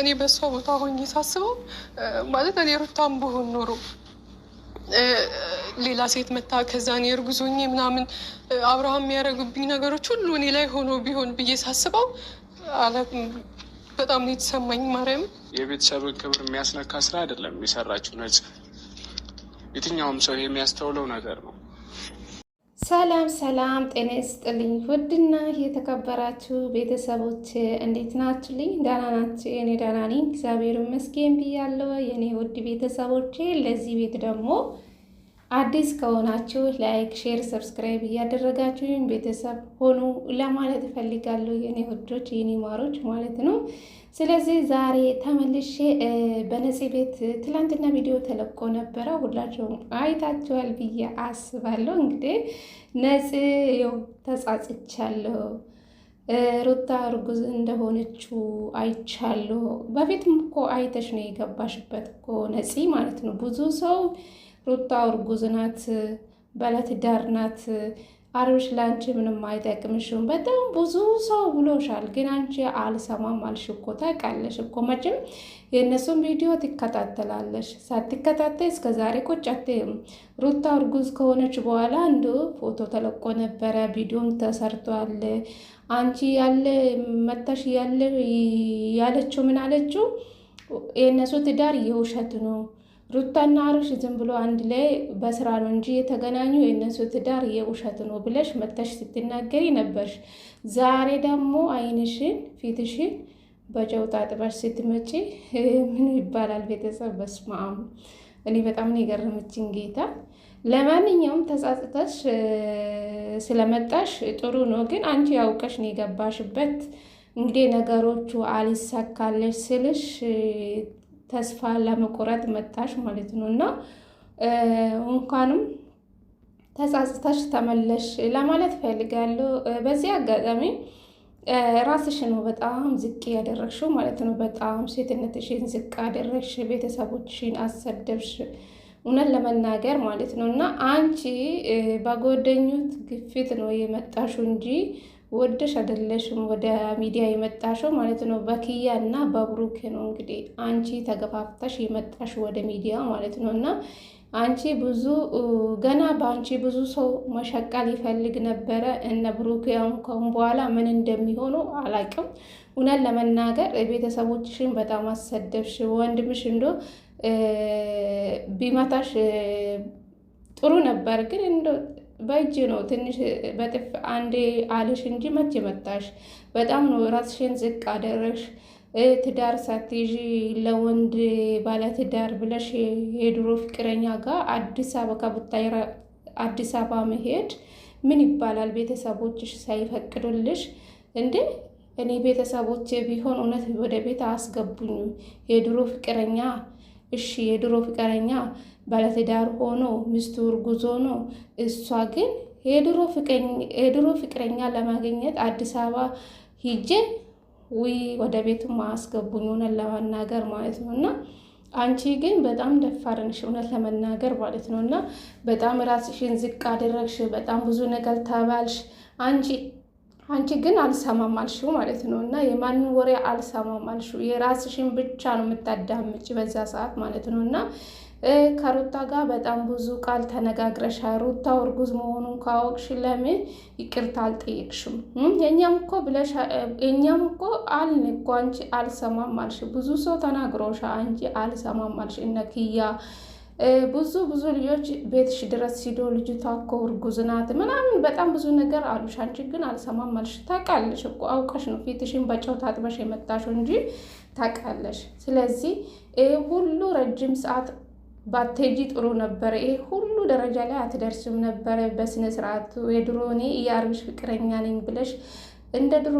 እኔ በእሷ ቦታ ሆኜ ሳስበው ማለት እኔ ሩታም ብሆን ኖሮ ሌላ ሴት መታ ከዛ እኔ እርጉዝ ምናምን አብርሃም የሚያደርግብኝ ነገሮች ሁሉ እኔ ላይ ሆኖ ቢሆን ብዬ ሳስበው በጣም ነው የተሰማኝ። ማርያም የቤተሰብን ክብር የሚያስነካ ስራ አይደለም የሰራችው። ነጽ የትኛውም ሰው የሚያስተውለው ነገር ነው። ሰላም ሰላም፣ ጤና ይስጥልኝ ውድና የተከበራችሁ ቤተሰቦች እንዴት ናችሁልኝ? ደህና ናችሁ? እኔ ደህና ነኝ፣ እግዚአብሔር ይመስገን ብያለሁ። የእኔ ውድ ቤተሰቦቼ ለዚህ ቤት ደግሞ አዲስ ከሆናችሁ ላይክ፣ ሼር፣ ሰብስክራይብ እያደረጋችሁኝ ቤተሰብ ሆኑ ለማለት እፈልጋለሁ። የኔ ውዶች የኔ ማሮች ማለት ነው። ስለዚህ ዛሬ ተመልሼ በነፂ ቤት ትላንትና ቪዲዮ ተለቆ ነበረ። ሁላችሁም አይታችኋል ብዬ አስባለሁ። እንግዲህ ነፂ ያው ተጻጽቻለሁ ሩታ እርጉዝ እንደሆነችው አይቻለሁ። በፊትም እኮ አይተሽ ነው የገባሽበት እኮ ነፂ ማለት ነው ብዙ ሰው ሩታ እርጉዝ ናት፣ ባለትዳር ናት፣ አብርሽ ለአንቺ ምንም አይጠቅምሽም፣ በጣም ብዙ ሰው ብሎሻል፣ ግን አንቺ አልሰማም አልሽ እኮ። ታውቃለሽ እኮ መቼም የእነሱን ቪዲዮ ትከታተላለሽ። ሳትከታተይ እስከ ዛሬ ቁጭ አትይም። ሩታ እርጉዝ ከሆነች በኋላ አንዱ ፎቶ ተለቆ ነበረ፣ ቪዲዮም ተሰርቷል። አንቺ ያለ መታሽ ያለ ያለችው ምን አለችው? የእነሱ ትዳር የውሸት ነው ሩታና አብርሽ ዝም ብሎ አንድ ላይ በስራ ነው እንጂ የተገናኙ የእነሱ ትዳር የውሸት ነው ብለሽ መተሽ ስትናገሪ ነበርሽ። ዛሬ ደግሞ አይንሽን ፊትሽን በጨው ታጥበሽ ስትመጪ ምን ይባላል? ቤተሰብ በስመ አብ። እኔ በጣም ነው የገረመችኝ ጌታ። ለማንኛውም ተጻጽተሽ ስለመጣሽ ጥሩ ነው፣ ግን አንቺ ያውቀሽ ነው የገባሽበት። እንግዲህ ነገሮቹ አልሳካለሽ ስልሽ ተስፋ ለመቁረጥ መጣሽ ማለት ነው እና እንኳንም ተጻጽተሽ ተመለሽ ለማለት ፈልጋለሁ። በዚህ አጋጣሚ ራስሽን ነው በጣም ዝቅ ያደረግሽው ማለት ነው። በጣም ሴትነትሽን ዝቅ አደረግሽ፣ ቤተሰቦችሽን አሰደብሽ፣ እውነት ለመናገር ማለት ነው እና አንቺ በጎደኙት ግፊት ነው የመጣሽው እንጂ ወደሽ አይደለሽም ወደ ሚዲያ የመጣሽው ማለት ነው። በክያ እና በብሩክ ነው እንግዲህ አንቺ ተገፋፍተሽ የመጣሽ ወደ ሚዲያ ማለት ነው እና አንቺ ብዙ ገና በአንቺ ብዙ ሰው መሸቀል ይፈልግ ነበረ። እነ ብሩክ ከሁን በኋላ ምን እንደሚሆኑ አላቅም። እውነት ለመናገር ቤተሰቦችሽን በጣም አሰደብሽ። ወንድምሽ እንዶ ቢመታሽ ጥሩ ነበር ግን በእጅ ነው ትንሽ በጥፍ አንዴ አልሽ እንጂ መቼ መጣሽ? በጣም ነው ራስሽን ዝቅ አደረሽ ትዳር ሳትይዥ ለወንድ ባለትዳር ብለሽ የድሮ ፍቅረኛ ጋር አዲስ አበባ ከቡታይራ አዲስ አበባ መሄድ ምን ይባላል? ቤተሰቦችሽ ሳይፈቅዱልሽ እንዴ? እኔ ቤተሰቦቼ ቢሆን እውነት ወደ ቤት አስገቡኝ። የድሮ ፍቅረኛ እሺ የድሮ ፍቅረኛ ባለትዳር ሆኖ ሚስቱ ጉዞ ነው። እሷ ግን የድሮ ፍቅረኛ ለማግኘት አዲስ አበባ ሂጄ ውይ ወደ ቤት ማስገቡኝ ሆነን ለመናገር ማለት ነው እና አንቺ ግን በጣም ደፋር ነሽ፣ እውነት ለመናገር ማለት ነው እና በጣም ራስሽን ዝቅ አደረግሽ። በጣም ብዙ ነገር ተባልሽ አንቺ አንቺ ግን አልሰማም አልሽው ማለት ነው። እና የማንን ወሬ አልሰማም አልሽው፣ የራስሽን ብቻ ነው የምታዳምጭ በዛ ሰዓት ማለት ነው እና ከሩታ ጋር በጣም ብዙ ቃል ተነጋግረሻ፣ ሩታ እርጉዝ መሆኑን ካወቅሽ ለምን ይቅርታ አልጠየቅሽም? የእኛም እኮ ብለሽ የእኛም እኮ አልን እኮ አንቺ አልሰማም አልሽ። ብዙ ሰው ተናግሮሻ አንቺ አልሰማም አልሽ እነ ኪያ ብዙ ብዙ ልጆች ቤትሽ ድረስ ሲዶ ልጅቷ እኮ እርጉዝ ናት ምናምን በጣም ብዙ ነገር አሉሽ። አንቺ ግን አልሰማም አልሽ። ታውቃለሽ እኮ አውቀሽ ነው ፊትሽን በጨው ታጥበሽ የመጣሽው እንጂ ታውቃለሽ። ስለዚህ ይህ ሁሉ ረጅም ሰዓት ባቴጂ ጥሩ ነበረ። ይህ ሁሉ ደረጃ ላይ አትደርስም ነበረ። በስነ ስርዓቱ የድሮ እኔ እያርብሽ ፍቅረኛ ነኝ ብለሽ እንደ ድሮ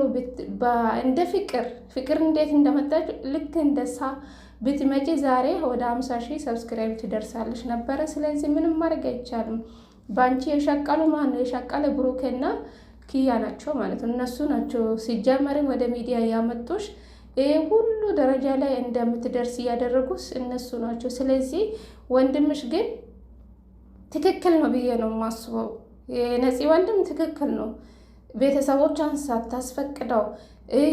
እንደ ፍቅር ፍቅር እንዴት እንደመጣች ልክ እንደሳ ብትመጪ ዛሬ ወደ 50 ሺህ ሰብስክራይብ ትደርሳለች ነበረ። ስለዚህ ምንም ማድረግ አይቻልም። በአንቺ የሸቀሉ ማን ነው የሸቀለ? ብሩኬና ኪያ ናቸው ማለት ነው። እነሱ ናቸው ሲጀመርም ወደ ሚዲያ ያመጡሽ ይህ ሁሉ ደረጃ ላይ እንደምትደርስ እያደረጉስ እነሱ ናቸው። ስለዚህ ወንድምሽ ግን ትክክል ነው ብዬ ነው የማስበው። የነፂ ወንድም ትክክል ነው። ቤተሰቦቿን ሳታስፈቅደው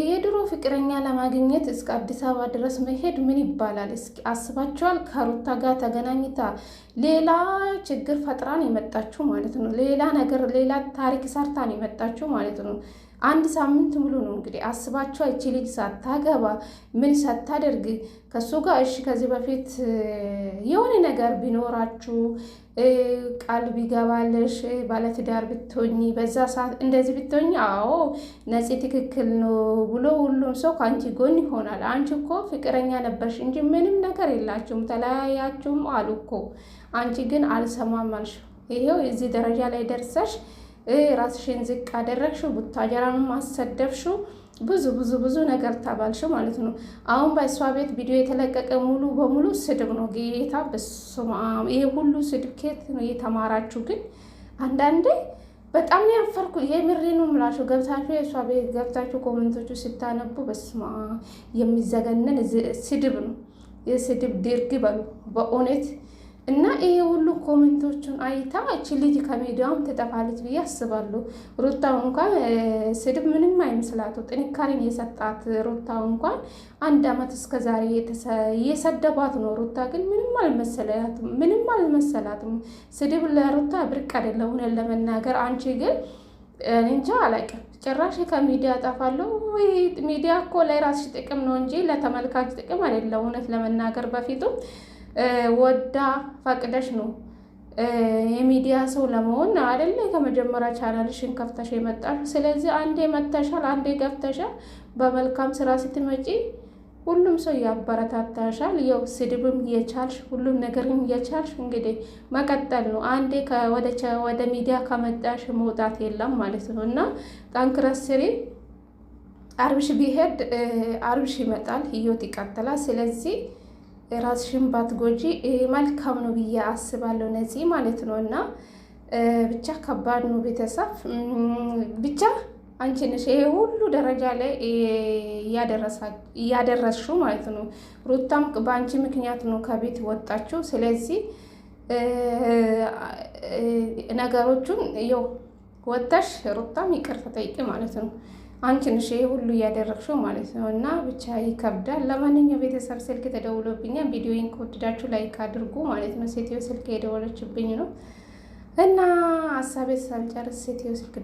የድሮ ፍቅረኛ ለማግኘት እስከ አዲስ አበባ ድረስ መሄድ ምን ይባላል? እስኪ አስባችኋል? ከሩታ ጋር ተገናኝታ ሌላ ችግር ፈጥራን የመጣችሁ ማለት ነው። ሌላ ነገር፣ ሌላ ታሪክ ሰርታን የመጣችሁ ማለት ነው። አንድ ሳምንት ሙሉ ነው እንግዲህ አስባችሁ እቺ ልጅ ሳታገባ ምን ሳታደርግ ከሱ ጋር እሺ፣ ከዚህ በፊት የሆነ ነገር ቢኖራችሁ ቃል ቢገባልሽ ባለትዳር ብትሆኝ በዛ ሰዓት እንደዚህ ብትሆኝ፣ አዎ ነፂ ትክክል ነው ብሎ ሁሉም ሰው ከአንቺ ጎን ይሆናል። አንቺ እኮ ፍቅረኛ ነበርሽ እንጂ ምንም ነገር የላችሁም ተለያያችሁም አሉ እኮ። አንቺ ግን አልሰማም አልሽ። ይሄው እዚህ ደረጃ ላይ ደርሰሽ ራስሽን ዝቅ አደረግሽው፣ ቡታጀራንም አሰደብሽው። ብዙ ብዙ ብዙ ነገር ተባልሽ ማለት ነው። አሁን በእሷ ቤት ቪዲዮ የተለቀቀ ሙሉ በሙሉ ስድብ ነው። ጌታ በስመ ይሄ ሁሉ ስድብ ኬት ነው የተማራችሁ? ግን አንዳንዴ በጣም ያፈርኩ የምሬ ነው የምላችሁ። ገብታችሁ የእሷ ቤት ገብታችሁ ኮመንቶቹ ስታነቡ በስማ የሚዘገንን ስድብ ነው። የስድብ ድርግ በሉ በእውነት እና ይሄ ሁሉ ኮሜንቶቹን አይታ እች ልጅ ከሚዲያውም ትጠፋለች ብዬ አስባለሁ። ሩታው እንኳን ስድብ ምንም አይመስላቱ ጥንካሬን የሰጣት ሩታው እንኳን አንድ አመት እስከ ዛሬ የሰደባት ነው። ሩታ ግን ምንም አልመሰላትም፣ ምንም አልመሰላትም። ስድብ ለሩታ ብርቅ አይደለም። እውነት ለመናገር አንቺ ግን እንጃ አላውቅም። ጭራሽ ከሚዲያ ጠፋለሁ ወይ? ሚዲያ እኮ ለራስሽ ጥቅም ነው እንጂ ለተመልካች ጥቅም አይደለም። እውነት ለመናገር በፊቱም ወዳ ፈቅደሽ ነው የሚዲያ ሰው ለመሆን አይደለ? ከመጀመሪያ ቻናልሽን ከፍተሽ የመጣሽ። ስለዚህ አንዴ መተሻል፣ አንዴ ገብተሻል። በመልካም ስራ ስትመጪ ሁሉም ሰው ያበረታታሻል። ያው ስድብም የቻልሽ ሁሉም ነገርም የቻልሽ እንግዲህ መቀጠል ነው። አንዴ ወደ ሚዲያ ከመጣሽ መውጣት የለም ማለት ነው እና ጠንክረሽ ስሪ። አብርሽ ቢሄድ አርብሽ ይመጣል፣ ህይወት ይቀጥላል። ስለዚህ ራስሽን ባትጎጂ መልካም ነው ብዬ አስባለሁ። ነፂ ማለት ነው እና ብቻ ከባድ ነው ቤተሰብ ብቻ አንቺ ነሽ ይሄ ሁሉ ደረጃ ላይ እያደረስሽው ማለት ነው። ሩታም በአንቺ ምክንያት ነው ከቤት ወጣችው። ስለዚህ ነገሮቹን ው ወጣሽ ሩታም ይቅርታ ጠይቂ ማለት ነው። አንቺ ነሽ ይሄ ሁሉ እያደረግሽው ማለት ነው። እና ብቻ ይከብዳል። ለማንኛው ቤተሰብ ስልክ ተደውሎብኛል። ቪዲዮን ከወደዳችሁ ላይክ አድርጉ ማለት ነው። ሴትዮ ስልክ የደወለችብኝ ነው እና ሀሳቤ ሳልጨርስ ሴትዮ ስልክ